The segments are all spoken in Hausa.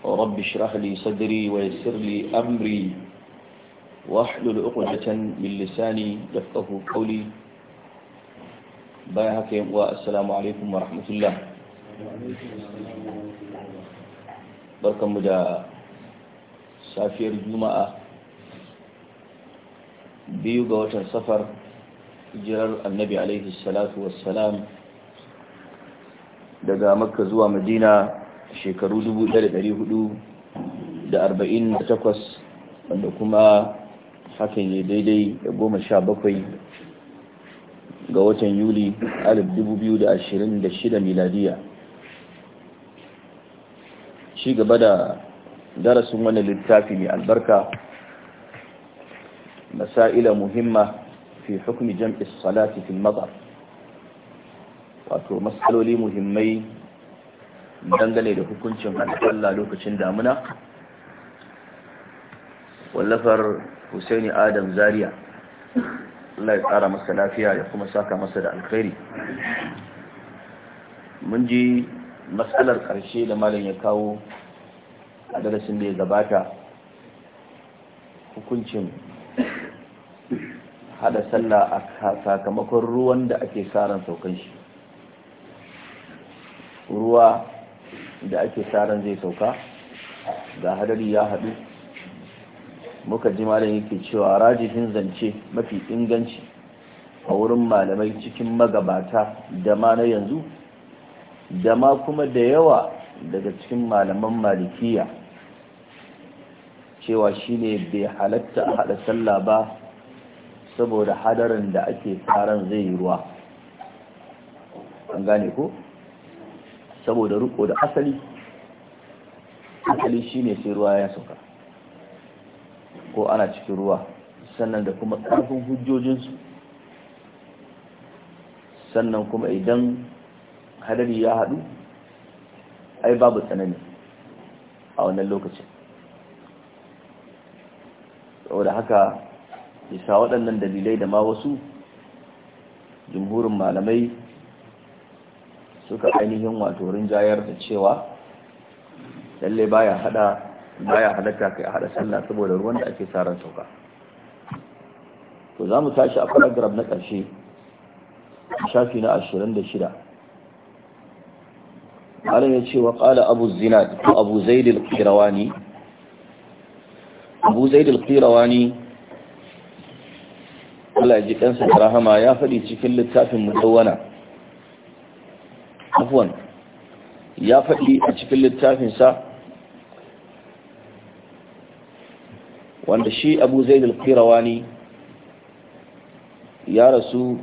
رب اشرح لي صدري ويسر لي أمري واحلل عقدة من لساني يفقه قولي باي حكيم والسلام عليكم ورحمة الله بركم دا safiyar juma'a biyu ga watan safar hijirar annabi alaihi salatu daga makka zuwa madina shekaru 1448 wanda kuma hakan ya daidai da goma sha bakwai ga watan yuli 2026 miladiya shi gaba da darasin wani littafi mai albarka masa'ila muhimma fi hukumi jam'is salati fil wato matsaloli muhimmai dangane da hukuncin Allah lokacin damina. wallafar Husaini Adam Zaria Allah ya tsara masa lafiya ya kuma saka masa da alkhairi mun ji matsalar ƙarshe da malam ya kawo a darasin da ya gabata hukuncin hada sallah a sakamakon ruwan da ake sa ran saukan shi ruwa da ake tsaron zai sauka ga hadari ya haɗu muka ji malam yake cewa rajihin zance mafi inganci a wurin malamai cikin magabata da ma na yanzu da ma kuma da yawa daga cikin malaman malikiya cewa shine bai halatta a haɗa sallah ba saboda hadarin da ake tsaron zai yi ruwa an gane ko saboda riko da asali asali shine sai ruwa ya sauka ko ana cikin ruwa sannan da kuma ƙarfin hujjojinsu sannan kuma idan hadari ya haɗu ai babu tsanani a wannan lokacin saboda haka bisa waɗannan dalilai da ma wasu jumhurin malamai suka ainihin wato rinjayar da cewa lalle baya hada baya halatta kai a hada sallah saboda ruwan da ake sa ran sauka to za mu tashi a paragraph na ƙarshe shafi na 26 malam ya ce wa qala abu zinad ko abu zaid al-qirawani abu zaid al-qirawani Allah ya ji kansa rahama ya faɗi cikin littafin mutawwana afwan ya faɗi a cikin littafinsa wanda shi abu zai dalkirawani ya rasu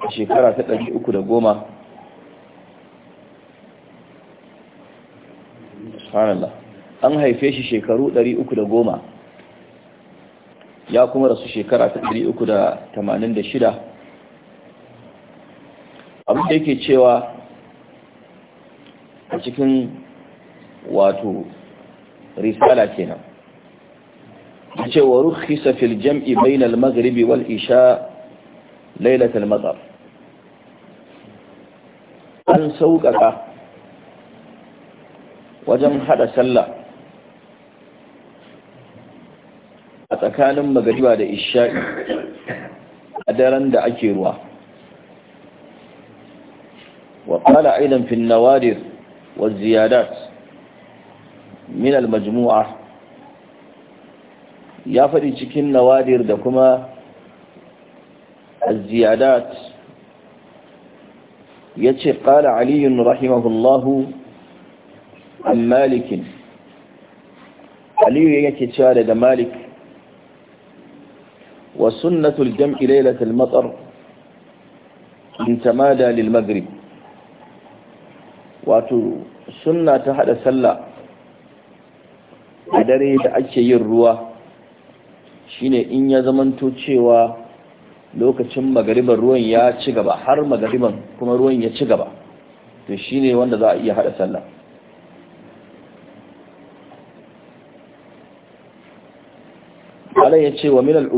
a shekara ta ɗari uku da goma subhanallah an haife shi shekaru ɗari uku da goma ya kuma rasu shekara ta ɗari uku da tamanin da shida abin da yake cewa a cikin wato risala kenan ce wa rukhisa fil jam'i bayna al maghribi wal isha laylat al matar an sauƙaƙa wajen hada sallah a tsakanin magariba da isha'i a daren da ake ruwa wa qala aidan finnawadir. والزيادات من المجموعة يفري cikin نوادر da kuma الزيادات يتي قال علي رحمه الله عن مالك علي يكي تشارد مالك وسنة الجمع ليلة المطر ان تمادى للمغرب wato sunna ta hada sallah a dare da ake yin ruwa shine in ya zamanto cewa lokacin magariban ruwan ya ci gaba har magariban kuma ruwan ya ci gaba to shine wanda za a iya hada sallah Allah ya ce wa min al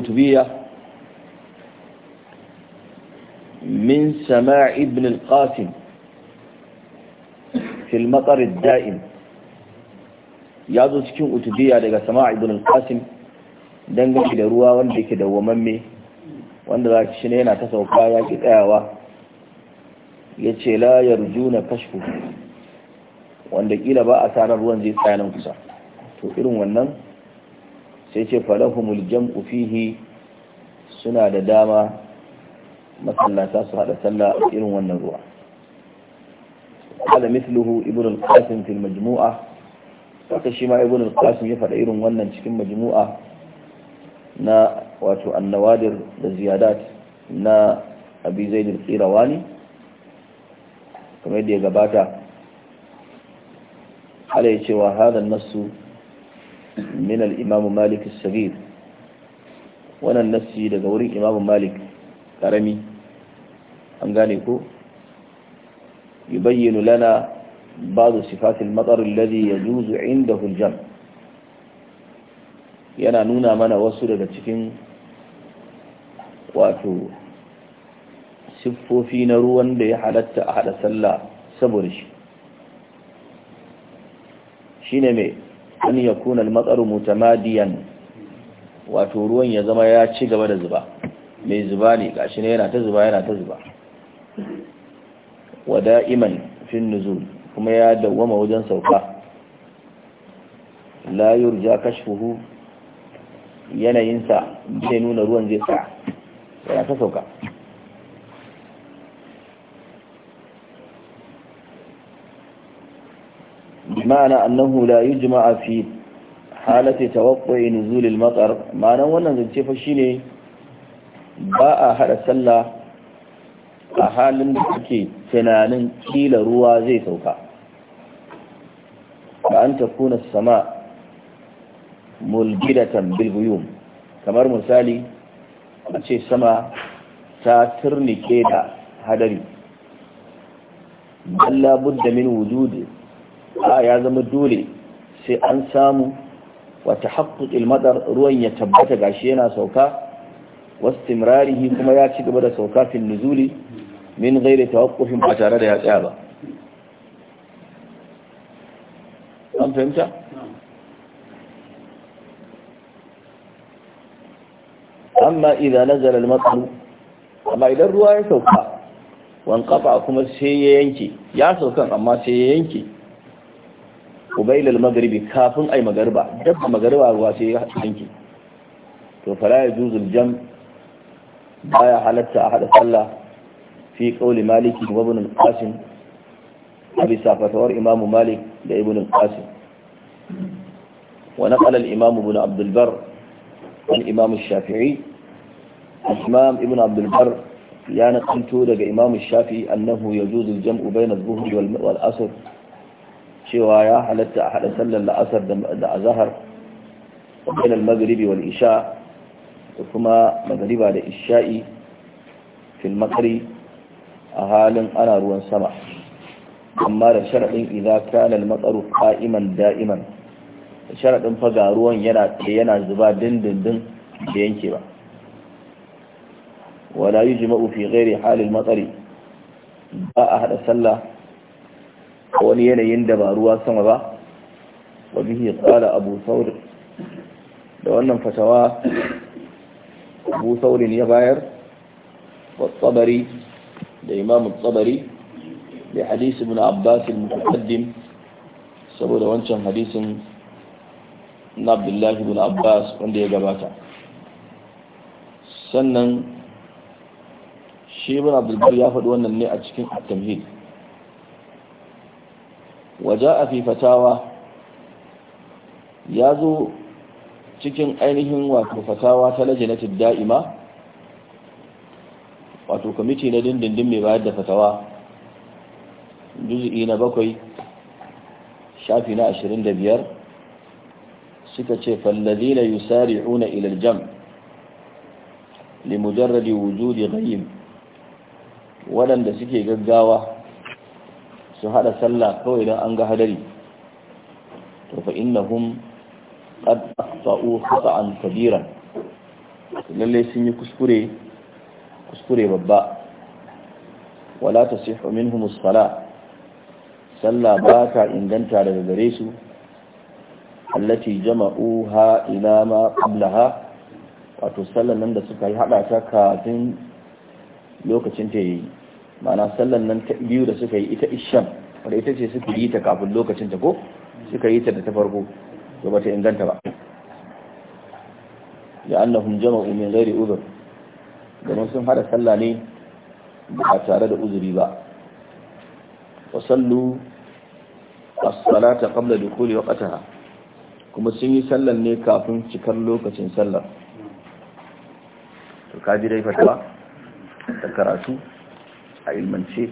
min sama' ibn al-qasim المطر الدائم ya zo cikin utubiya daga sama ibn al-qasim dangane da ruwa wanda yake dawwamamme wanda za shi ne yana ta sauka ya ki tsayawa ya ce la yarjuna kashfu wanda kila ba a sanar ruwan zai tsaya nan kusa to irin wannan sai ce falahumul jam'u fihi suna da dama masallata su hada sallah irin wannan ruwa قال مثله ابن القاسم في المجموعة haka shi ma ibn al ya faɗa irin wannan cikin majmu'a na wato annawadir da ziyadat na abi zaid al-qirawani da ya gabata hala ya ce wa hadha nasu min imam malik as wannan nasi daga wurin imam malik karami an gane ko يبين لنا بعض صفات المطر ya يجوز inda الجمع yana nuna mana wasu daga cikin wato siffofi na ruwan da ya halatta a hada sallah saboda shi shine mai an ya kuna matsaru mutamadiyan wato ruwan ya zama ya ci gaba da zuba mai zuba ne gashi yana ta zuba yana ta zuba wa da'iman fin nuzul kuma ya dawwama wajen sauka layur ja kashfuhu yanayinsa bude nuna ruwan zai sa yana ta sauka bimana annahu la yujma a fi halatta tawakwai nuzulil matsar ma'anan wannan zance fashi ne ba a hada sallah a halin da suke tunanin kila ruwa zai sauka ba an tafuna sama mulgidatan bilbuyum kamar misali a ce sama ta turnike da hadari balla budda min wujudi a ya zama dole sai an samu wata haƙƙuƙil matsar ruwan ya tabbata gashi yana sauka wasu timrarihi kuma ya ci gaba da sauka fin nuzuli min gaire tawakkufin ba tare da ya tsaya ba an fahimta amma idan nazar al amma idan ruwa ya sauka wankafa kafa kuma sai ya yanke ya saukan amma sai ya yanke ubail magaribi kafin ai magariba dabba magariba ruwa sai ya yanke to ya yajuzul jam baya halatta a hada sallah fi qawli maliki wa ibn al-qasim abi safatawar malik da ibn al-qasim wa naqala al-imam ibn abd al-barr an imam al-shafi'i imam an imam shafii imam ibn abd ya naqanto daga imam shafii annahu yajuzu al-jam'u bayna adh-dhuhri wal cewa ya halatta a haɗa sallar la'asar da azahar wa bayna Wal'isha da kuma magriba da isha'i Filmakari. a halin ana ruwan sama amma da sharaɗin idan kana al-matsaru qa'iman da'iman sharaɗin faga ruwan yana yana zuba dindindin da yanke ba wala yujma'u fi ghairi halil matsari ba a haɗa sallah a wani yanayin da ba ruwa sama ba wani bihi qala abu saurin, da wannan fatawa abu saurin ya bayar wa tabari da imam tsabari da hadisi ibn abbas al saboda wancan hadisin na abdullahi ibn abbas wanda ya gabata sannan shi ibn ya faɗi wannan ne a cikin at-tamhid waja'a fi fatawa ya zo cikin ainihin wato fatawa ta lajinatul da'ima wato kwamiti na dindindin mai bayar da fatawa juzi'i na bakwai shafi na ashirin da biyar suka ce fallazina yusari'una ila aljam limujarradi wujudi ghayim waɗanda suke gaggawa su haɗa sallah kawai don an ga hadari to fa innahum qad aqta'u khata'an kabiran lallai sun yi kuskure kuskure babba wala ta sihu minhum as-sala sallah ba ta inganta daga gare su allati jama'uha ila ma qablaha wato sallan nan da suka yi hada ta kafin lokacin ta yi mana sallan nan ta biyu da suka yi ita isham wadda ita ce suka yi ta kafin lokacin ta ko suka yi ta da ta farko to ba ta inganta ba ya annahum jama'u min ghairi udhr domin sun hada sallah ne ba tare da uzuri ba wa sallu as-salata qabla dukhuli waqtaha kuma sun yi sallan ne kafin cikar lokacin sallah to kaji dai fatawa ta karatu a ilmance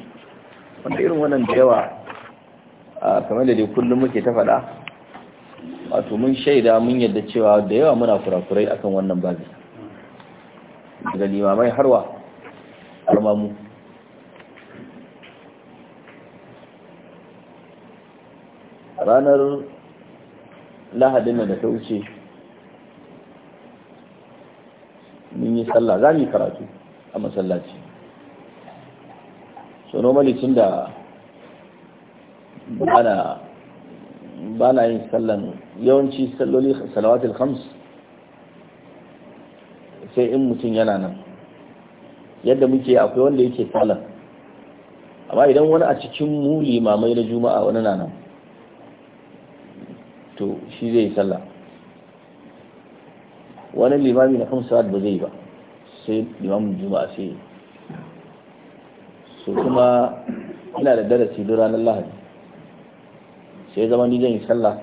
wanda irin wannan da yawa a kamar da dai kullum muke ta faɗa wato mun shaida mun yadda cewa da yawa muna kurakurai akan wannan babi da limamai harwa almamu ranar lahadin da ta wuce mun yi sallah za mu yi karatu a masallaci so normally tun da ba na yin sallan yawanci salloli salawatul khams sai in mutum yana nan yadda muke akwai wanda yake sallar amma idan wani a cikin muli mamai na juma'a wani na nan to shi zai yi sallah wani limami na kan sa'ad ba zai ba sai limamin juma'a sai yi so kuma ina da darasi dora ranar lahadi sai zama ni zan yi sallah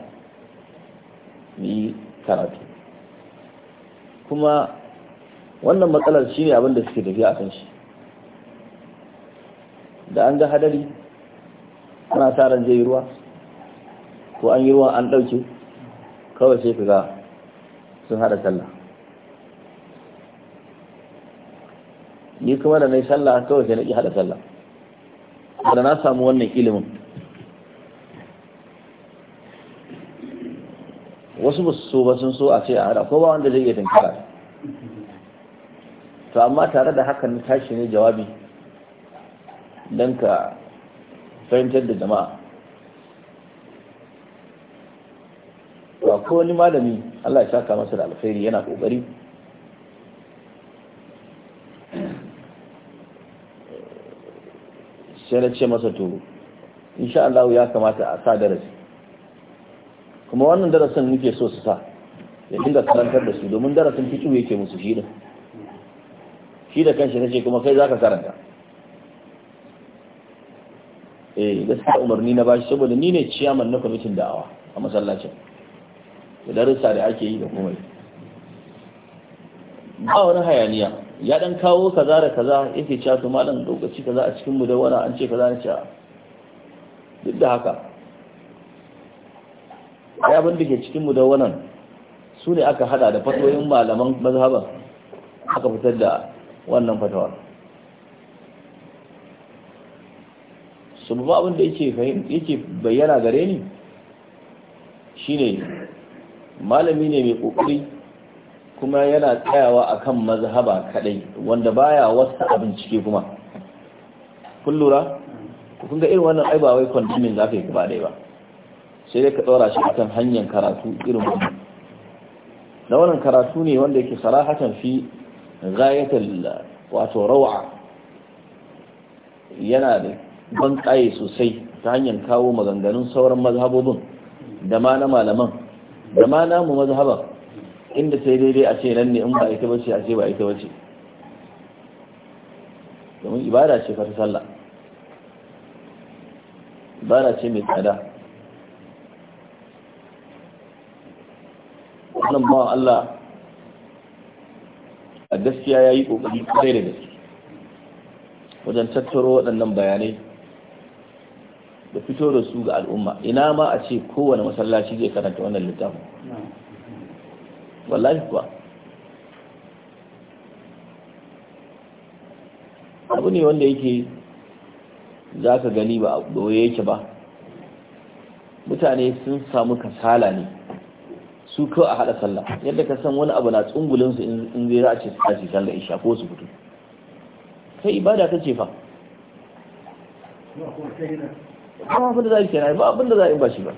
ni karatu kuma wannan matsalar shine abin da suke tafiya akan shi da an ga hadari ana sa ran zai ruwa ko an yi ruwa an ɗauke kawai sai kaga sun hada sallah ni kuma da na yi sallah kawai sai na ƙi hada sallah da na samu wannan ilimin wasu ba su so ba sun so a ce a hada ko ba wanda zai iya tankara to amma tare da hakan tashi ne jawabi don ka fahimtar da jama'a ba ko wani malami Allah ya saka masa da alkhairi yana kokari sai na ce masa to insha Allah ya kamata a sa darasi kuma wannan darasin muke so su sa ya dinga karantar da su domin darasin fitu yake musu shi din shi da kanshi ta ce kuma kai za ka karanta eh gaskiya umarni na bashi saboda ni ne ciyaman na kwamitin da'awa a masallacin da darussa da ake yi da komai ba wani hayaniya ya dan kawo kaza da kaza yake cewa to malam lokaci kaza a cikin mu da wani an ce kaza ne cewa duk da haka ya abin da ke cikin mu da wannan su ne aka hada da fatoyin malaman mazhaban aka fitar da wannan fatawar su ba abin da yake bayyana gare ni shine malami ne mai kokari kuma yana tsayawa akan mazhaba kadai wanda baya wasu abincike kuma kun lura kun ga irin wannan aibawai ba wai za ka yi gaba dai ba sai dai ka tsora shi akan hanyar karatu irin wannan na wannan karatu ne wanda yake sarahatan fi ghayatul wato rawa yana da ban kaye sosai ta hanyar kawo maganganun sauran mazhabobin da ma na malaman da ma namu mazhaban inda sai daidai a ce nan ne in ba ita bace a ce ba ita bace domin ibada ce fata sallah ibada ce mai tsada wannan ba Allah a gaskiya ya yi ƙoƙari kudai da gaske wajen tattaro waɗannan bayanai da fito da su ga al'umma ina ma a ce kowane masallaci zai karanta wannan littafin wallahi kuwa abu ne wanda yake za ka gani ba a yake ba mutane sun samu kasala ne su ko a haɗa sallah yadda ka san wani abu na tsungulin su in zai za a ce su sallah isha ko su fito kai ibada ta ce fa ba abin da za a yi kenan ba abin da za a yi ba shi ba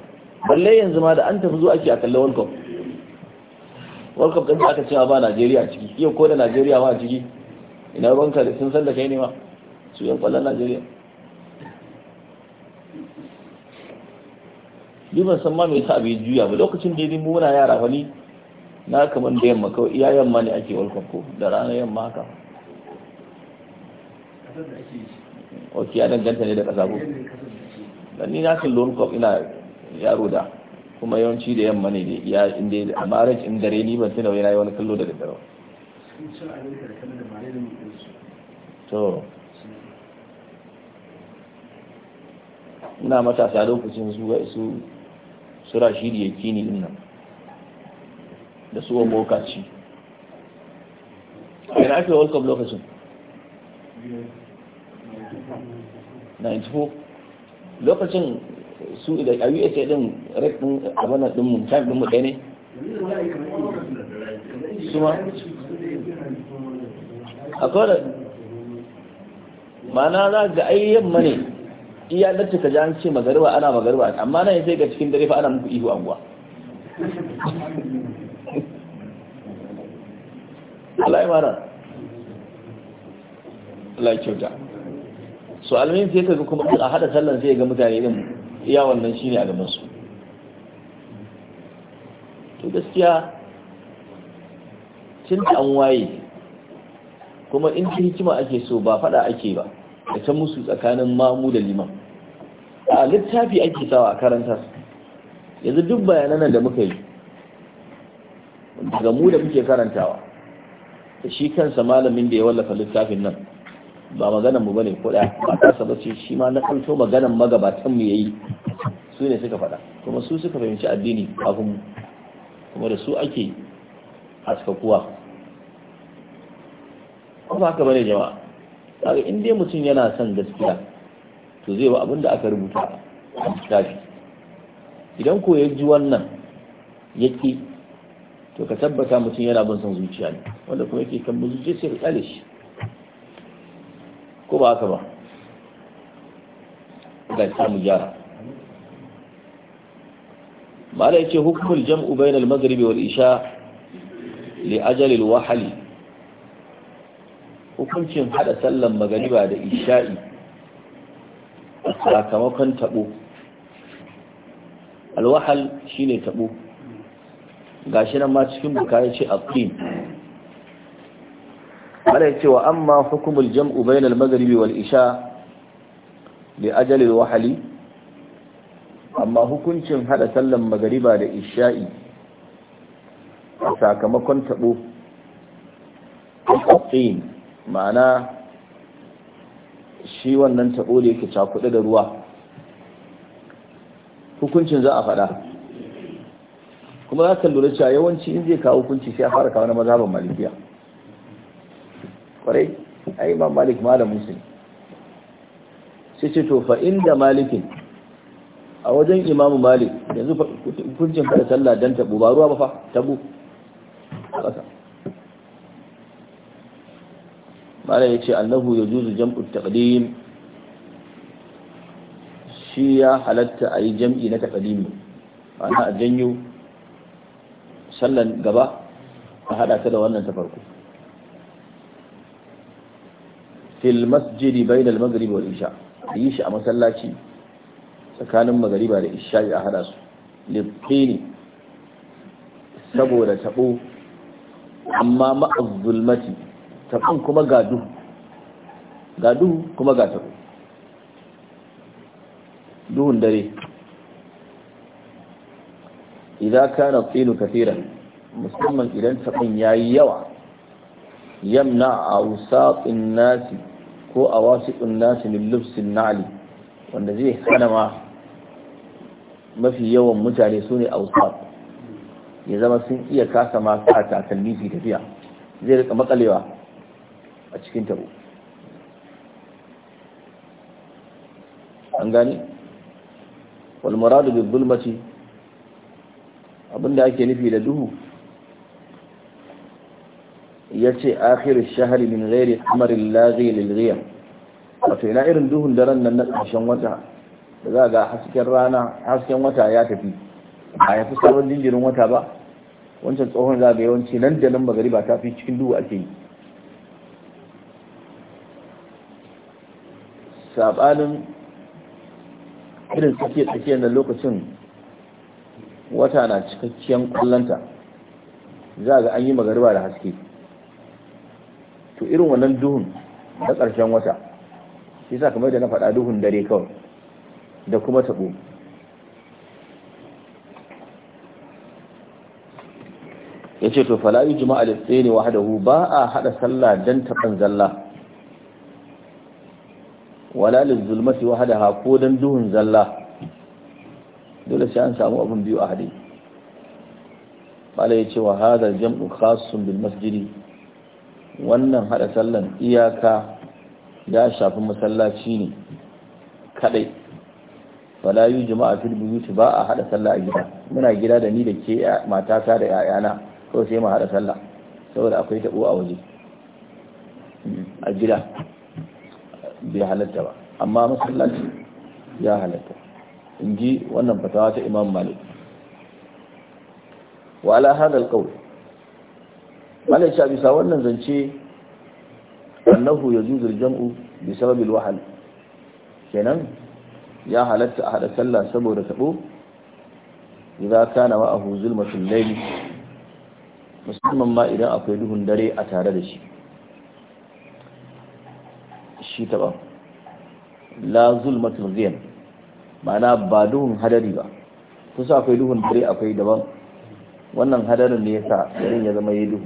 balle yanzu ma da an tafi zuwa ake a kallon world cup world cup ɗin da aka cewa ba najeriya ciki iya ko da najeriya ma ciki ina da sun sallah kai ne ma su yan kwallon najeriya liban san ma me yasa bai juya ba lokacin da ya mu muna yara fa ni na kamar da yamma kawai iya yamma ne ake walkon ko da rana yamma haka ok ya danganta ne da ƙasa ko dan ni na kan loan cup ina yaro da kuma yawanci da yamma ne ya inda a marriage in dare ni ban tunawa yana wani kallo da daddare to ina matasa lokacin su sura shi da yake din inna da su wani lokaci a yana ake world cup lokacin 94 lokacin su da a usa din rikin din abanan din mu time din mu ɗaya ne su ma a kawai mana za ga ai mani iya lacce ka jan ce magariba ana magariba amma nan sai ga cikin dare fa ana muku ihu anguwa Allah ya mara Allah ya kyauta so almin sai ga kuma a hada sallan sai ga mutane din iya wannan shine a gaban su to gaskiya cin an waye kuma in hikima ake so ba fada ake ba da ta musu tsakanin mamu da liman a littafi ake sawa a karanta yanzu duk bayanan da muka yi daga mu da muke karantawa da shi kansa malamin da ya wallafa littafin nan ba maganan mu bane ko da ba ta ce shi ma na kanto maganan magabatan mu yayi su ne suka faɗa kuma su suka fahimci addini kafin kuma da su ake haskakuwa kuma haka bane jama'a kaga in dai mutum yana son gaskiya to zai ba abin aka rubuta a littafi idan ko ya ji wannan yake to ka tabbata mutum yana bin son zuciya ne wanda kuma yake kan bin sai ka shi ko ba haka ba ga samu gyara mala ce hukumul jam'u bainal maghribi wal isha li ajalil wahali hukuncin hada sallan magariba da isha'i sakamakon tabo alwahal shine tabo gashi nan ma cikin bukari ce aqim mala yace wa amma hukumul jam'u bainal maghribi wal isha li ajali al wahali amma hukuncin hada sallan magariba da isha'i sakamakon tabo aqim ma'ana shi wannan taɓo da yake cakuɗe da ruwa hukuncin za a faɗa kuma za ka lura cewa yawanci in zai kawo hukunci sai a fara kawo na mazaban malikiya kwarai yi ma malik malam musulmi sai ce to inda malikin a wajen imamu malik yanzu hukuncin fara sallah don taɓo ba ruwa ba fa taɓo mala ya ce annahu ya juzu jam'u taqdim shi ya halatta a yi jam'i na taqdimi ana a janyo sallan gaba a haɗa ta da wannan ta farko fil masjidi bainal al-maghrib wa isha yi shi a masallaci tsakanin magariba da isha a haɗa su litini saboda taɓo amma ma'az taɓon kuma ga duhu kuma ga duhun dare idan kana tsinu kafira musamman idan taɓon ya yi yawa yamna a wusaƙin nasi ko a wasiƙin nasi lullufsin nali. wanda zai hana ma mafi yawan mutane su ne a ya zama sun iya kasa ma sa takalmi tafiya zai rika makalewa a cikin tabo an gani walmaradu bi zulmati abinda ake nufi da duhu ya ce akhir shahari min gairi amarin lazi lilriya wato ina irin duhun daren nan na ƙarshen wata da za ga hasken rana hasken wata ya tafi a ya fi sabon jinjirin wata ba wancan tsohon za ga yawanci nan da nan magariba ta fi cikin duhu ake yi sabanin irin tsakiya tsakiyar da lokacin wata na cikakkiyar kullanta za ga an yi magariba da haske to irin wannan duhun na ƙarshen wata shi sa kamar da na faɗa duhun dare kawai da kuma taɓo ya ce to fala'i jima'a da tsaye ne wahadahu ba a haɗa sallah don taɓan zalla wala lizulmati wahdaha ko dan duhun zalla dole sai an samu abun biyu a hade bala yace wa hadha jam'u khassun bil masjid wannan hada sallan iyaka ya shafi masallaci ne kadai wala yu jama'a fil buyut ba a hada sallah a gida muna gida da ni da ke matata da yayana ko sai mu hada sallah saboda akwai tabo a waje a gida bai halatta ba amma masallaci ya halatta in ji wannan fatawa ta imam malik wa ala hadal qawl malik sha bisa wannan zance annahu yajuzul jamu bi sabab kenan ya halatta a hada sallah saboda tabo idan kana ma'ahu zulmatul layl musamman ma idan akwai duhun dare a tare da shi shi ta ba la zulmatul ghiyan ma'ana ba duhun hadari ba kusa akwai duhun dare akwai daban wannan hadarin ne yasa garin ya zama yayi duhu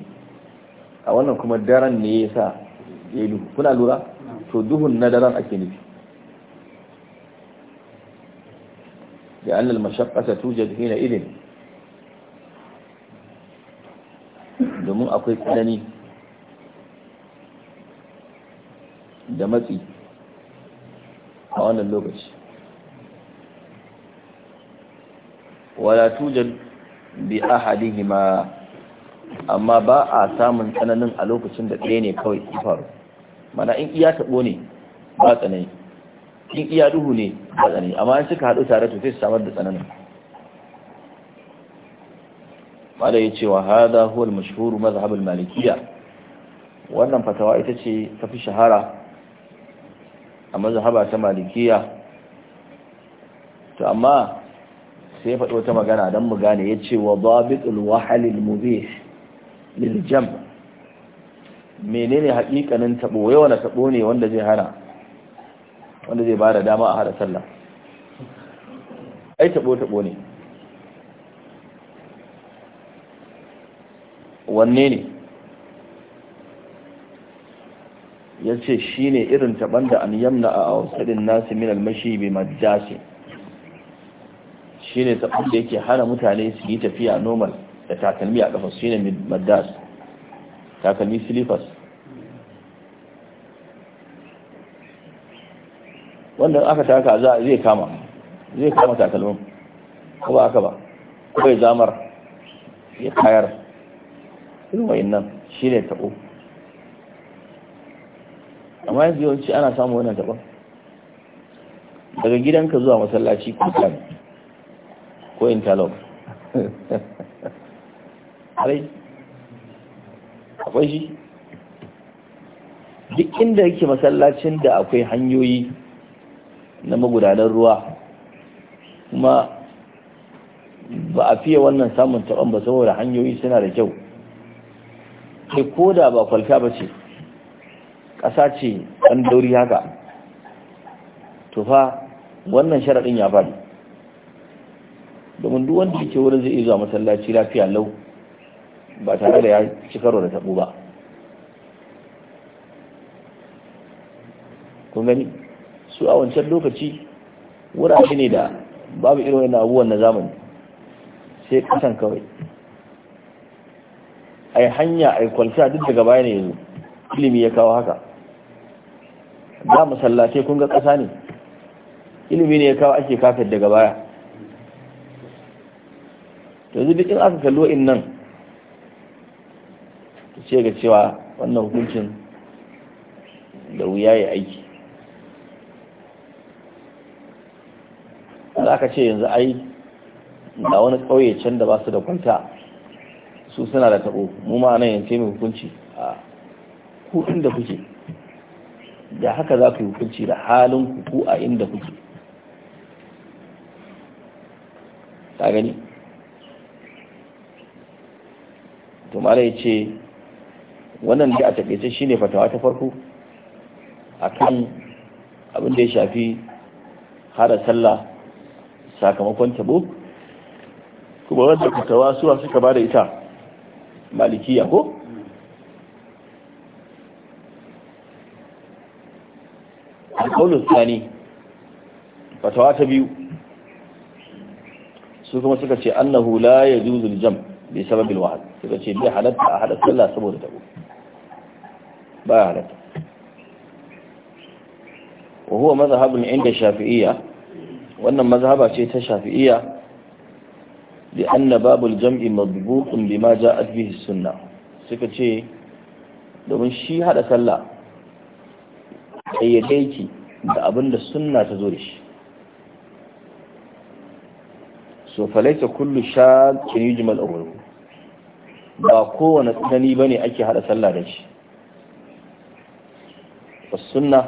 a wannan kuma daren ne yasa yayi duhu kuna lura to duhun na daren ake nufi da annal mashaqqata tujad hina idin domin akwai tsanani da matsi a wannan lokaci wala tujan bi ahadihima amma ba a samun tsananin a lokacin da ɗaya ne kawai faru mana in iya taɓo ne ba tsanani in iya duhu ne ba tsanani amma in suka haɗu tare to sai su samar da tsananin mala ya ce wa hada huwa al-mashhur mazhab al-malikiyya wannan fatawa ita ce ta fi shahara a mazhaba ta malikiya to amma sai faɗo ta magana don mu gane ya ce wa babitul wahalil mubih lil jam menene haƙiƙanin tabo yawa na tabo ne wanda zai hana wanda zai bada dama a hada sallah ai tabo tabo ne wanne ne ya ce shi ne irin taɓan da an yamna a ausarin nasi min almashi bi majasi shi ne taɓan da yake hana mutane su yi tafiya normal da takalmi a ƙafa shi ne madas takalmi silifas wanda aka taka za zai kama zai kama takalmin ko ba aka ba ko ya zamar ya kayar irin wa'in nan shi ne taɓo amma yanzu yawanci ana samun wannan daban daga gidanka zuwa masallaci ko kan ko interlock alai akwai shi duk inda yake masallacin da akwai hanyoyi na magudanar ruwa kuma ba a fiye wannan samun taɓon ba saboda hanyoyi suna da kyau ke ko da ba kwalta ba ce ƙasa ce ɗan dauri haka to fa wannan sharaɗin ya faɗi domin duk wanda yake wurin zai iya zuwa masallaci lafiya lau ba tare da ya ci karo da taɓo ba kun gani su a wancan lokaci wurare ne da babu irin wani abubuwan na zamani sai kasan kawai ai hanya ai kwalta duk daga baya ne yanzu ilimi ya kawo haka da masallace kun ga ƙasa ne ilimi ne ya kawo ake kafin daga baya yanzu duk in aka kallo in nan ta ce ga cewa wannan hukuncin da wuya ya aiki za ka ce yanzu ai da wani ƙauye can da ba su da kwanta su suna da taɓo mu ma nan yance mai hukunci a hudun da kuke da haka za ku yi hukunci da halin ku a inda kuke ta gani tumara ya ce wannan da a taƙaice ne fatawa ta farko akan abin da ya shafi hada sallah sakamakon tabo kuma wadda fatawa suwa suka ba da ita malikiya ko alƙaunin sani fatawa ta biyu su kuma suka ce annahu la ya juzul jam bai sababin wahal suka ce bai halatta a haɗa sallah saboda tabo ba ya halatta wa huwa mazhabun inda shafi'iyya wannan mazhaba ce ta shafi'iyya لأن باب الجمع مضبوط بما جاءت به Suka ce domin shi hada sallah kayyade ki da abin da sunna ta zo da shi so falaita kullu sha kin yi jimal ba kowane tsanani ba ne ake haɗa sallah da shi sunna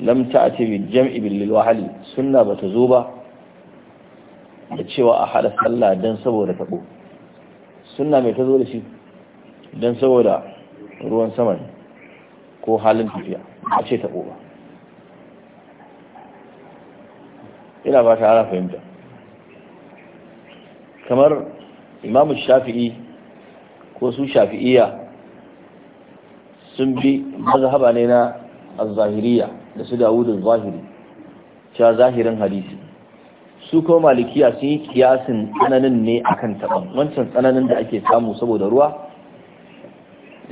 lam ta ati bil jam'i bil wahali sunna ba ta zo ba da cewa a haɗa sallah don saboda taɓo sunna mai ta zo da shi don saboda ruwan saman ko halin tafiya a ce taɓo ba ina ba ta ana fahimta kamar imamu shafi'i ko su shafi'iya sun bi mazhaba ne na zahiriya da su dawudu zahiri cewa zahirin hadisi su kuma malikiya sun yi kiyasin tsananin ne akan taban wancan tsananin da ake samu saboda ruwa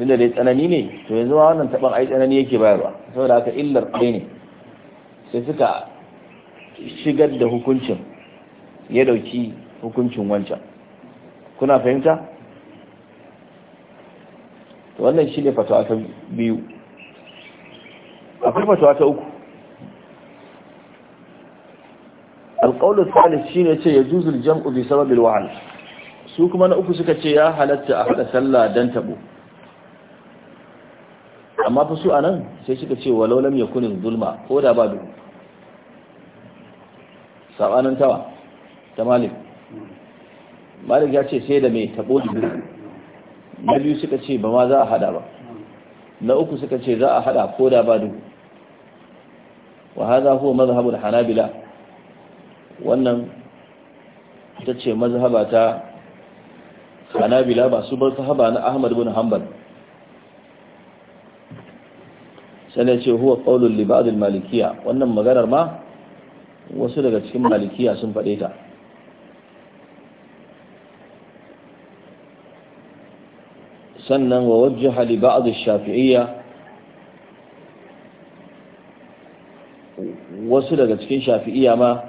da dai tsanani ne to yanzu ma wannan taban ai tsanani yake bayarwa saboda haka illar ɗaya ne sai suka shigar da hukuncin ya dauki hukuncin wancan kuna fahimta to wannan ne fatawa ta biyu akwai fatawa ta uku alƙaunar al shi ne ce ya juzul jamu bi sababin al su kuma na uku suka ce ya halatta a haɗa sallah don tabo amma fa su anan sai suka ce walau lam kunin zulma ko da ba duk? sabanin tawa ta malik malik ya ce sai da mai tabo da biyu na biyu suka ce ba ma za a hada ba na uku suka ce za a hada ko da ba duhu wa hadha huwa mazhabul hanabila wannan ita ce mazhaba ta hanabila ba su bar sahaba na ahmad bin hanbal sai ce huwa qaulul li ba'd al malikiyya wannan maganar ma wasu daga cikin malikiya sun faɗe ta sannan wa wajjaha li ba'd shafi'iyya wasu daga cikin shafi'iyya ma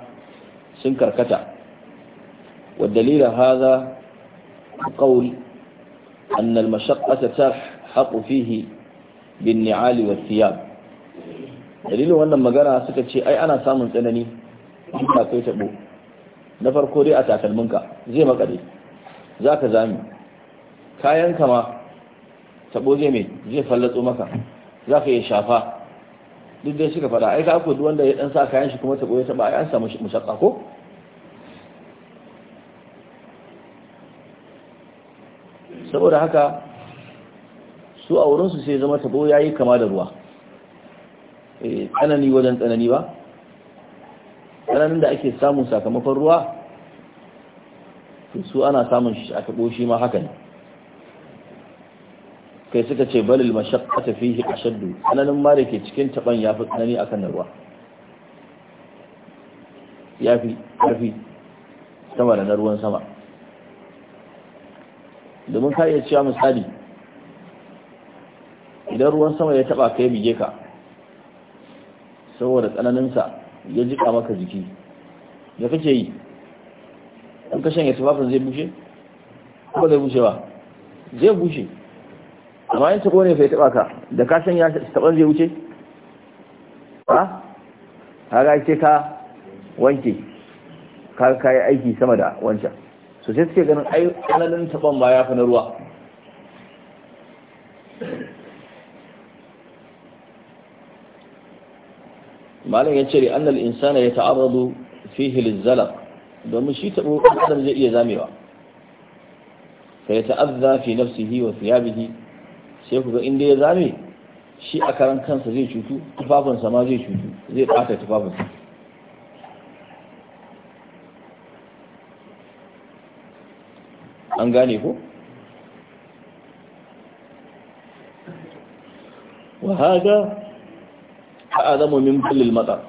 sun karkata wa dalilin hadha qawli anna al-mashaqqata tahaqu fihi bin ni'ali wa thiyab dalilin wannan magana suka ce ai ana samun tsanani in so kai tabo na farko dai a takalminka zai makare za ka zami kayan ma taɓo zai mai zai fallatso maka za ka yi shafa duk dai suka fada ai ka duk wanda ya dan sa kayan shi kuma taɓo ya taba ya samu mushaƙa ko saboda haka su a wurinsu sai zama taɓo ya yi kama da ruwa eh, tsanani wajen tsanani ba tsananin da ake samun sakamakon ruwa su ana samun shi a taɓo shi ma haka ne kai suka ce balil ta fi a tsananin ma da ke cikin ya fi tsanani kan ruwa yafi ƙarfi sama da na ruwan sama domin ka iya cewa misali idan ruwan sama ya taɓa ka yi bige ka saboda tsananinsa ya jika maka jiki da kake yi an ka ya tufafin zai bushe ko zai bushe ba zai bushe amma yin tako ne fai ya taba ka da ka ya taban zai wuce ba kaga ce ka wanke ka kai aiki sama da wancan so sai suke ganin ainihin taban ba ya fi na ruwa malam ya ce annal insana ya ta'arradu fihi lizzalaq domin shi tabo adam zai iya zamewa fa ya ta'azza fi nafsihi wa thiyabihi sai ku ga inda ya zame shi a karan kansa zai cutu tufafinsa ma zai cutu zai ɗata tufafinsa an gane ko وهذا A'a, min kullil matar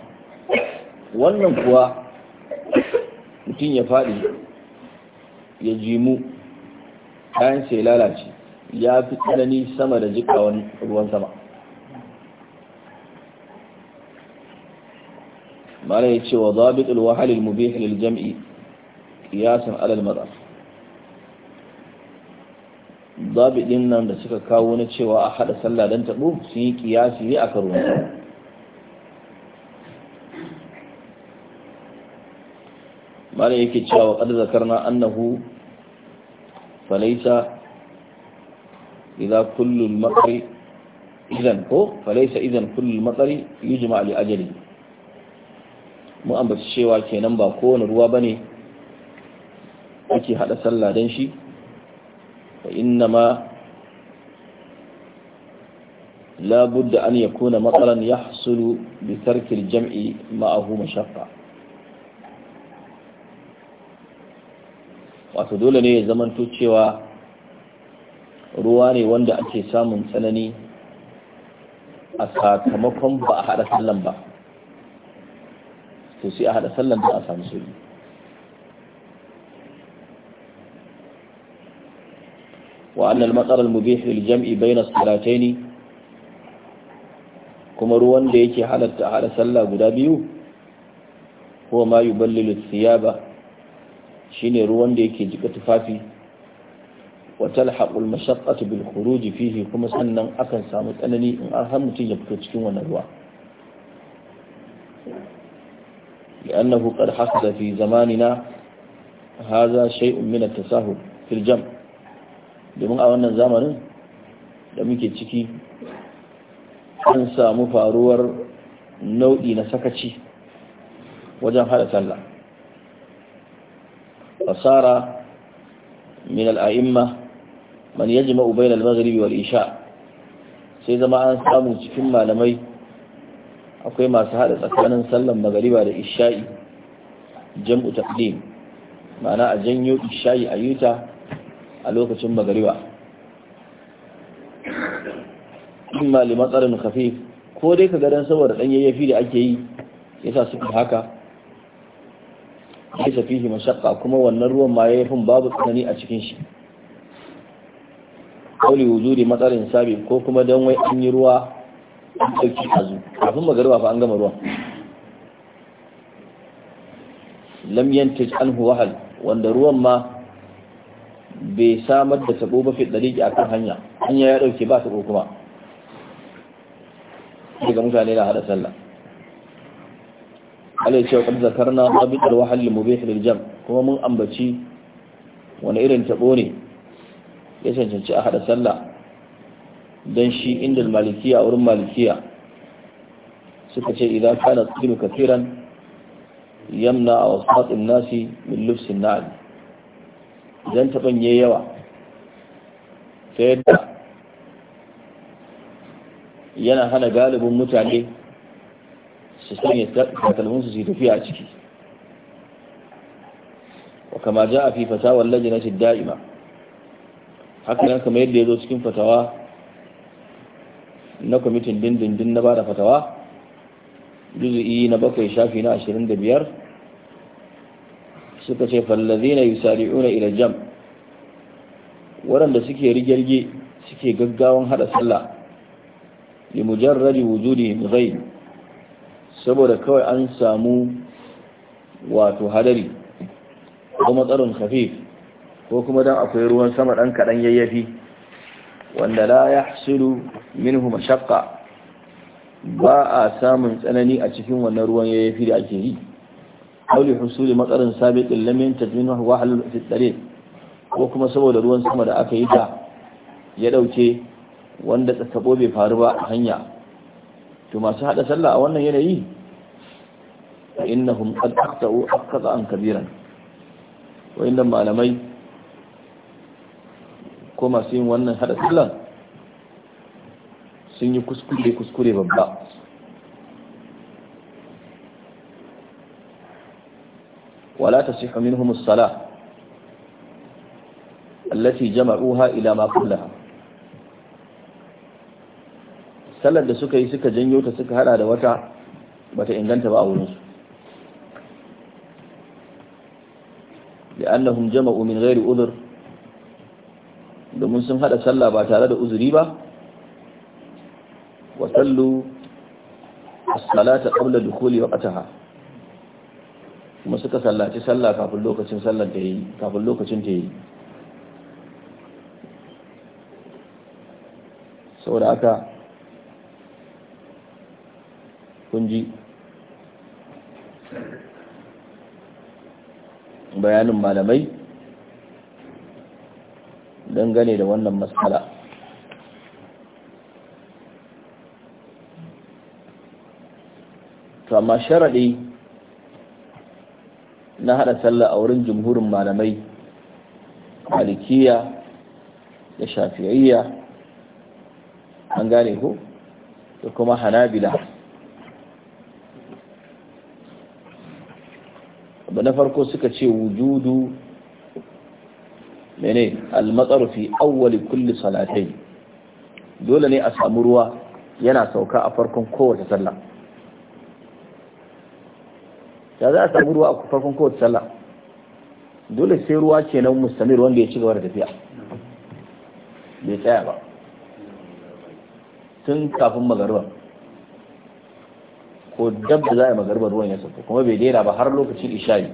wannan kuwa mutum ya faɗi ya jimu kayan sai lalace ya fi tsanani sama da jikawan ruwan sama Mara ya ce wa zabit alwahalil mu lil jam'i qiyasan ala al zabit nan da suka kawo na cewa a haɗa sallah dan taɓo sun yi qiyasi ne a ruwan sama mana yake cewa wa ƙadda zakarna annahu falaisa idan kullum matsari izan ko falaisa izan kullum matsari cewa kenan ba kowane ruwa ba ne ake haɗa sallah don shi ba inna ma labudda an yakuna matsalan ya hasulu bitarkin jam'i ma'ahu mashaƙa wato dole ne ya zamanto cewa ruwa ne wanda ake samun tsanani a sakamakon ba a haɗa sallan ba to sai a haɗa sallan ba a samu sauri wa annal matsar al-mubih lil jam'i bayna salatayn kuma ruwan da yake halatta a haɗa sallah guda biyu ko ma yuballilu thiyaba shine ruwan da yake jika tufafi wata talhaqul mashaqqatu bil khuruj fihi kuma sannan akan samu tsanani in an har mutum ya fito cikin wannan ruwa لأنه قد حصل zamanina زماننا هذا شيء من التساهل في domin a wannan zamanin da muke ciki an samu faruwar nau'i na sakaci wajen hada sallah فصار من الأئمة من يجمع بين المغرب والإشاء sai zama an samu cikin malamai akwai masu haɗa tsakanin Sallar magariba da isha'i jam'u taqdim ma'ana a janyo isha'i a yuta a lokacin magariba imma li matsarin khafif ko dai ka gadan saboda ɗan yayyafi da ake yi yasa suka haka safihi fihi mashaqqa kuma wannan ruwan ma yayin babu tsanani a cikin shi kauli wujudi matsalin sabi ko kuma dan wai an yi ruwa an dauki azu kafin magariba fa an gama ruwan lam yantaj anhu wahal wanda ruwan ma bai samar da sabo ba fi dalili akan hanya hanya ya dauke ba sabo kuma daga mutane da hada sallah alai cewa kan zakarna rabitul wahalin mu lil jam kuma mun ambaci wani irin tabo ne ya cancanci a hada sallah don shi inda malikiya wurin malikiya suka ce idan kana tsiru kafiran yamna a wasatin nasi min lufsin na'al idan taban yayi yawa ta yadda yana hana galibin mutane su sanya takalminsu su tafiya a ciki wa kama ja a fi fatawar lajinatin da'ima haka nan kamar yadda ya zo cikin fatawa na kwamitin dindindin na bada fatawa juzu'i na bakwai shafi na ashirin da biyar suka ce fallazi na yusari'una ila jam waɗanda suke rigirgi suke gaggawan hada sallah limujarradi wujudi ghaib saboda kawai an samu wato hadari ko matsalin khafif ko kuma dan akwai ruwan sama dan kaɗan yayyafi wanda la yahsulu minhu mashaqqa ba a samun tsanani a cikin wannan ruwan yayyafi da ake yi hauli husuli matsalin sabiqin lam yantajinu wa halul fi tariq ko kuma saboda ruwan sama da aka yi ta ya dauke wanda tsakabo bai faru ba a hanya to masu hada sallah a wannan yanayi innahum qad aqta'u aqta'an kabiran wa'inda malamai ko masu yin wannan hada sallah sun yi kuskure kuskure babba wala tasihhu minhum as-salah allati jama'uha ila ma kullaha sallar da suka yi suka janyo ta suka hada da wata bata inganta ba a wurin wurinsu li'annahum jama'u min ghairi udhur domin sun hada sallah ba tare da uzuri ba wa sallu as-salata qabla dukhuli waqtaha kuma suka sallaci sallah kafin lokacin sallar ta yi kafin lokacin ta yi saboda haka kun ji bayanin malamai don gane da wannan matsala ma sharaɗi na haɗa sallah a wurin jumhurin malamai malikiya da shafiyayya an gane ko da kuma hanabila abu na farko suka ce wujudu mene almatsar fi awwali kulli salatai dole ne a samu ruwa yana sauka a farkon kowace sallah ya za a samu ruwa a farkon kowace sallah dole sai ruwa ke nan musamman wanda ya ci gaba da tafiya bai tsaya ba tun kafin magariba ko dab da za a ruwan ya sauka kuma bai daina ba har lokacin isha'i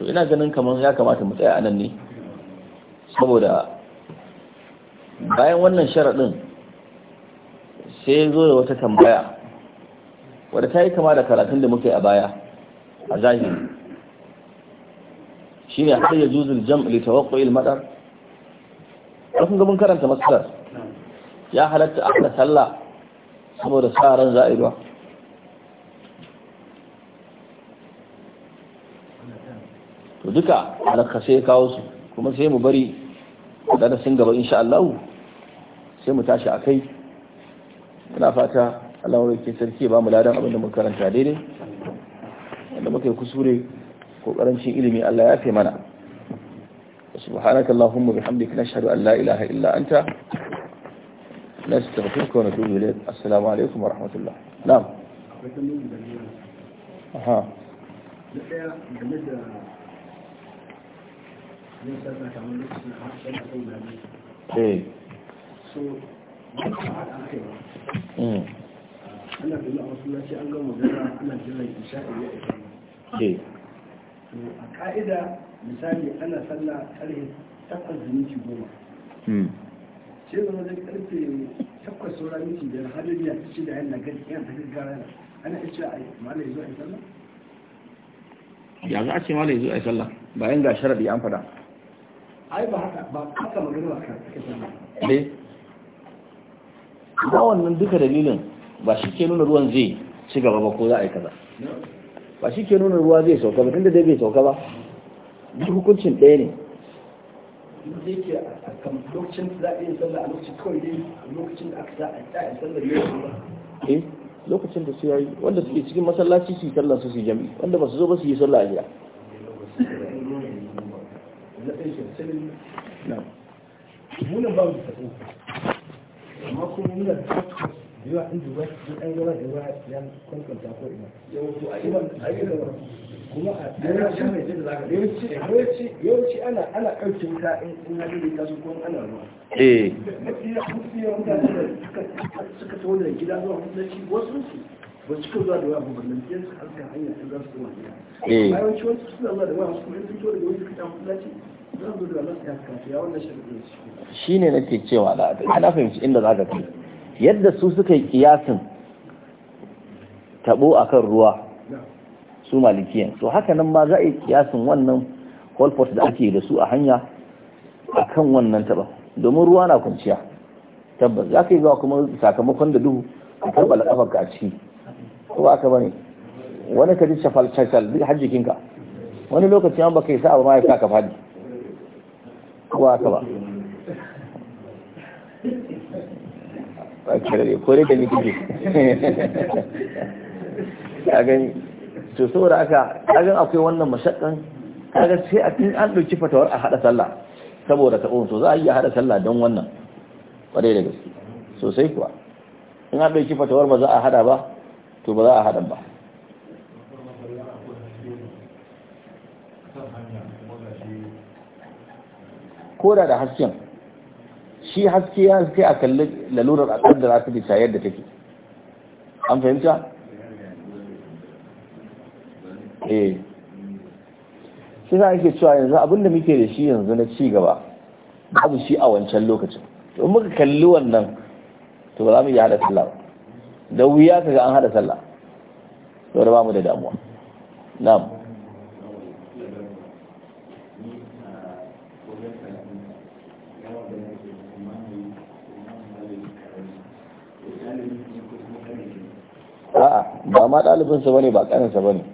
to ina ganin kamar ya kamata mu tsaya anan ne saboda bayan wannan sharaɗin sai zo da wata tambaya wadda ta yi kama da karatun da muke a baya a zahiri shine har ya zuzul jam li tawaqqu'i al-madar kun ga mun karanta masalar ya halatta a hada sallah saboda sa ran za a yi ba to duka halakka sai kawo su kuma sai mu bari darasin gaba insha Allah sai mu tashi akai muna fata Allah ya ke sarki ba mu ladan abin da mun karanta daidai da muka yi kusure ko karancin ilimi Allah ya fi mana subhanaka allahumma bihamdika nashhadu an la ilaha illa anta nastaghfiruka wa natubu ilayk assalamu alaikum wa rahmatullah na'am aha da daya game da yin sarka kamar lokacin har sai ka tsaya eh so hmm. ana da Allah wasu ya ce an gama gaba ana jiran isha'i ya aika ke eh. a ka'ida misali ana sallah karfe takwas da minti goma hmm. sai zama zai karfe takwas saura minti da har yadda ta ce da yana nagari yan ta gaggara ana iya cewa mala ya zo a yi sallah ya za a ce mala ya zo a yi sallah bayan ga sharaɗi an fada ai ba haka ba haka magana ba ka sallah ne ba wannan duka dalilin ba shi ke nuna ruwan zai ci gaba ba ko za a yi kaza ba shi ke nuna ruwa zai sauka ba tunda dai bai sauka ba duk hukuncin ɗaya ne eh lokacin da su yi wanda suke cikin masallaci su yi sallah su su jami'i wanda ba su zo ba su yi sallah a gida munan ba mu amma kuma muna da yiwa inda west duk an gaba da yiwa ya kwankwanta ko ina a yi kuma a yawanci yawanci ana ana ɗauke wuta in in hali da ko ana ruwa eh mafi mafi yawan mutane suka suka tawo da gida zuwa mutunci wasu su ba su ka zuwa da wani gubernan biyan su halka hanyar su za su zuwa gida bayan eh. ciwon su suna zuwa da wani su kan fito da wani kaɗan mutunci zan zo da wani su ya kafa ya wannan shirin shi ne nake cewa da ana fahimci inda za ka kai yadda su suka yi kiyasin tabo akan ruwa su malikiyan so haka nan ma za a yi kiyasin wannan holport da ake da su a hanya a kan wannan taba domin ruwa na kwanciya tabbas za ka yi zuwa kuma sakamakon da duhu ka da kafar a ciki ko ba aka bane wani ka ji shafal shafal duk hajjikinka wani lokaci an baka yi sa'a ma ya ka fadi ko ba aka ba ba ko da ni kike a gani to saboda haka kagan akwai wannan mashakkan kaga sai a tun an dauki fatawar a hada sallah saboda ta so za a iya hada sallah don wannan kwarai da gaske sosai kuwa in an dauki fatawar ba za a hada ba to ba za a hada ba ko da da hasken shi haske ya haske a kalli lalurar a za ta bisa yadda take an fahimta eh shi za ake cewa yanzu abinda muke da shi yanzu na ci gaba babu shi a wancan lokacin to muka kalli wannan to ba za mu yi hada sallah ba da wuya kaga an hada sallah da ba mu da damuwa na'am ba ma ɗalibinsa ba ne ba ƙaninsa ba ne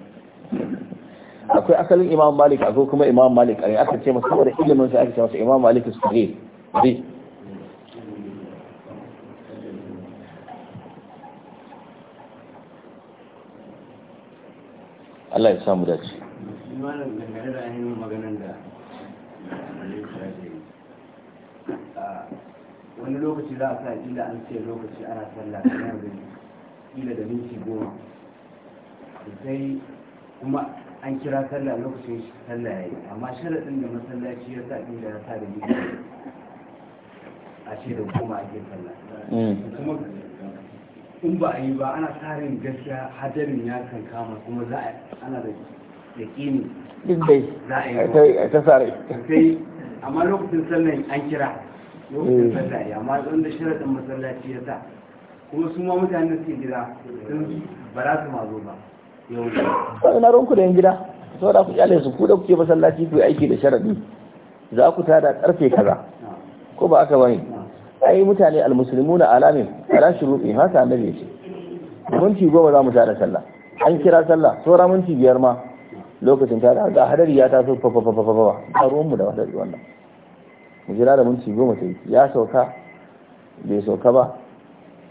akwai asalin imam malik akwai kuma imam malik a aka ce masa saboda ilimin sa aka ce masa imam malik su ne zai Allah ya samu dace. wani lokaci za a sa ila an ce lokaci ana sallah kamar kila da minti goma sai kuma an kira sallah lokacin sallah ya yi amma sharaɗin da masallaci ya sa inda ya sa da biyu a ce da goma ake sallah mm. kuma in ba a yi ba ana tsarin gaskiya hadarin ya kan kama kuma za a ana da yaƙini duk dai za a yi ta tsare sai amma lokacin sallah an kira lokacin mm. sallah ya amma wanda sharaɗin masallaci ya sa kuma su ma mutanen suke gida sun ba za su mazo ba yau ina ronku da yan gida saboda ku kyale su ku da kuke masallaci ku aiki da sharadi za ku tada karfe kaza ko ba aka bane ai mutane na alamin ala shurubi haka annabi Mun ci goma za mu tada sallah an kira sallah saura ci biyar ma lokacin tada ga hadari ya taso fa fa fa fa a ruwan mu da hadari wannan mu jira da ci goma sai ya sauka bai sauka ba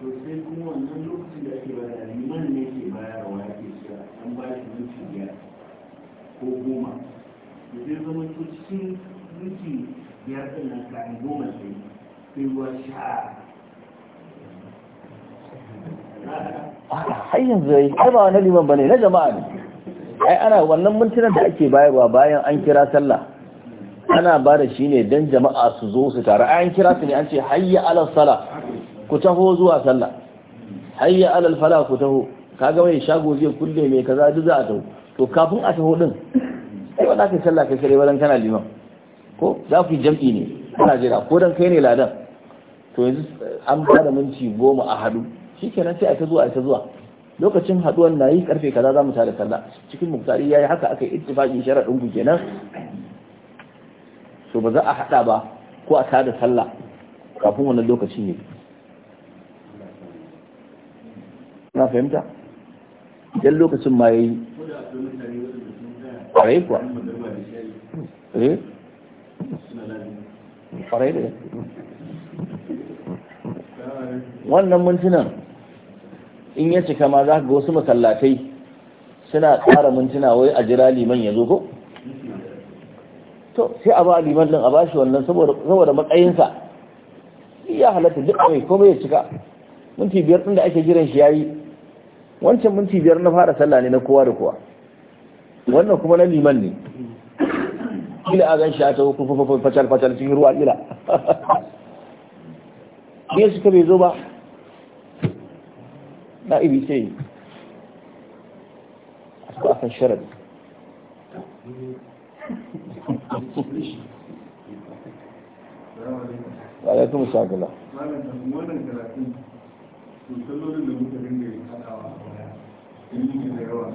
to sai kuma wannan lokacin da ake bada liman ne ke bayarwa ya ke cewa an ba shi minti biyar ko goma da zai zama to cikin minti biyar ɗin nan kayan goma sai sai ruwa sha har yanzu ya yi ba wani liman ba ne na jama'a ne ai ana wannan mintunan da ake bayarwa bayan an kira sallah ana ba da shi ne don jama'a su zo su tare an kira su ne an ce hayya ala ku taho zuwa sallah hayya alal fala ku taho kaga wai shago zai kulle mai kaza duk za a taho to kafin a taho din sai wanda kai sallah kai kare wajen kana liman ko za ku yi jam'i ne kana jira ko dan kai ne ladan to yanzu an bada minti goma a hadu shikenan sai a ta zuwa a ta zuwa lokacin haduwan na yi karfe kaza za mu tare sallah cikin muktari yi haka aka yi ittifaqi sharadin ku kenan so ba za a hada ba ko a tada sallah kafin wannan lokacin ne na fahimta idan lokacin ma ya yi ƙwarai kuwa eh da wannan mintunan in ya cika ma za ka ga wasu masallatai suna tsara mintuna wai a jira liman ya zo ko to sai a ba liman din a ba shi wannan saboda matsayinsa ya halatta duk mai komai ya cika minti biyar ɗin da ake jiran shi ya yi wancan minti biyar na fara sallah ne na kowa da kowa wannan kuma na liman ne kila a gan shi a tawo kufufufun facal facal cikin ruwa ila ɗaya suka bai zo ba na ibi sai a su akan sharar ya kuma salam sallolin da muka dinga yi haɗawa a baya in yi da yawa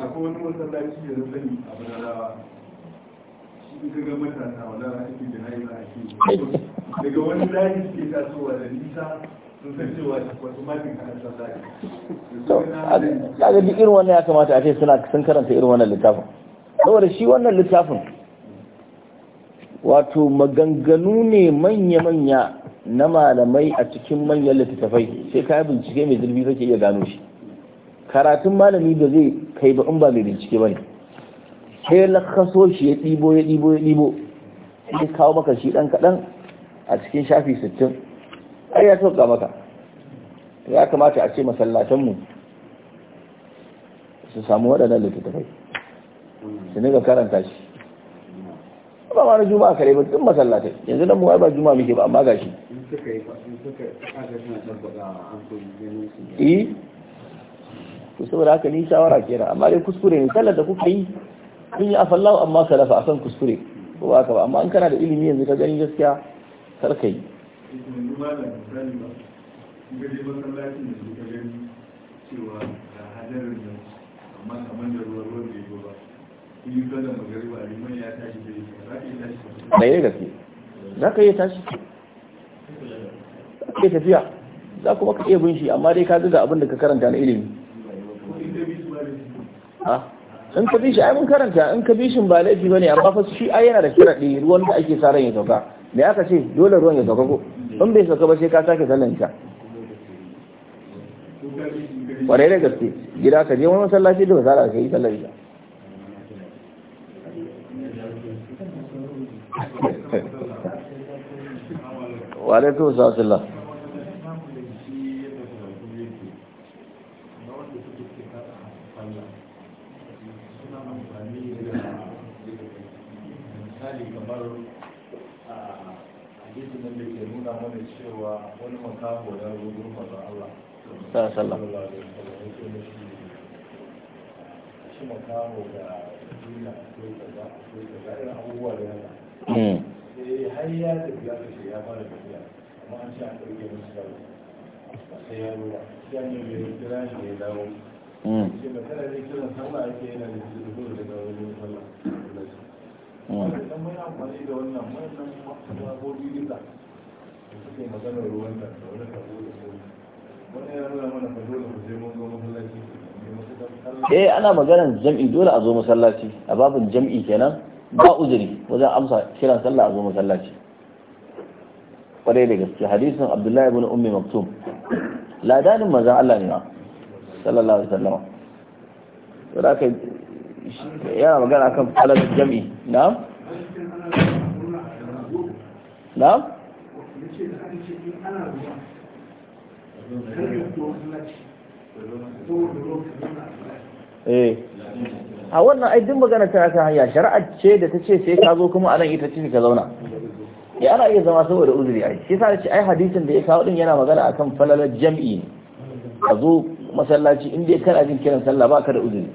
akwai wani masallaci da na sani a banarawa shi ka ga matasa wala ake jana'iza ake daga wani layi ke tasowa da nisa sun san kaga duk irin wannan ya kamata a ce suna sun karanta irin wannan littafin saboda shi wannan littafin wato maganganu ne manya-manya na malamai a cikin manyan littattafai sai ka bincike mai zurfi kake iya gano shi karatun malami da zai kai ba in ba mai bincike ba ne sai lakaso shi ya ɗibo ya ɗibo ya ɗibo sai kawo maka shi ɗan kaɗan a cikin shafi sittin ai ya sauka maka ya kamata a ce masallatanmu su samu waɗannan littattafai su dinga karanta shi ba ma na juma'a kare ba duk masallatai yanzu nan mu ba juma'a muke ba amma gashi eh to saboda haka ni shawara kenan amma dai kuskure ne sallar da kuka yi kun yi afallahu amma salafa san kuskure ko ba ka ba amma in kana da ilimi yanzu ka gani gaskiya kar ka yi cewa da hadarin da amma kamar da ruwa ruwan da ya ba ɗaya gaske za ka iya tashi za ka iya tafiya za kuma ka iya bin shi amma dai ka ga abin da ka karanta na ilimi in ka bi shi ai mun karanta in ka bishin ba laifi bane amma fa shi ai yana da shiradi ruwan da ake saran ya sauka me aka ce dole ruwan ya sauka ko in bai sauka ba sai ka sake sallan ka kwarai da gaske gida ka je wani masallaci da ba za ka yi sallan ka walaikun sa'asila sa'asila shi makaho da duniya akwai kaza akwai kaza irin abubuwa da Hmm. Hmm. Hmm. eh ana maganar jam'i dole a zo masallaci a babin jam'i kenan ba uzuri wajen amsa kiran sallah a zo masallaci kwarai da gaske hadisin abdullahi ibn ummi maktum ladanin manzon Allah ne ma sallallahu alaihi wasallam to da kai yana magana akan falal jam'i na'am na'am eh a wannan ai duk magana tana kan hanya shari'a ce da ta ce sai ka zo kuma anan ita ce ka zauna ya ana iya zama saboda uzuri ai shi sai ce ai hadisin da ya kawo din yana magana akan falalar jam'i ka zo masallaci in dai kana jin kiran sallah baka da uzuri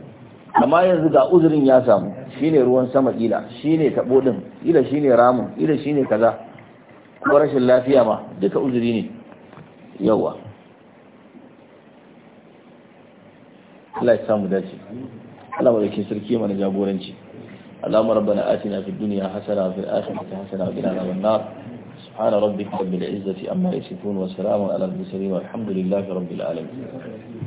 amma yanzu ga uzurin ya samu shine ruwan sama kila shine tabo din kila shine ramun kila shine kaza ko rashin lafiya ma duka uzuri ne yawa Allah ya samu dace halamarikin sarki mana jagoranci allama rabbana atina fid duniya hasana wa fil akhirati hasana wa qina adhaban nar subhana rabbika amma yasifun wa salamun ala al mursalin walhamdulillahi rabbil alamin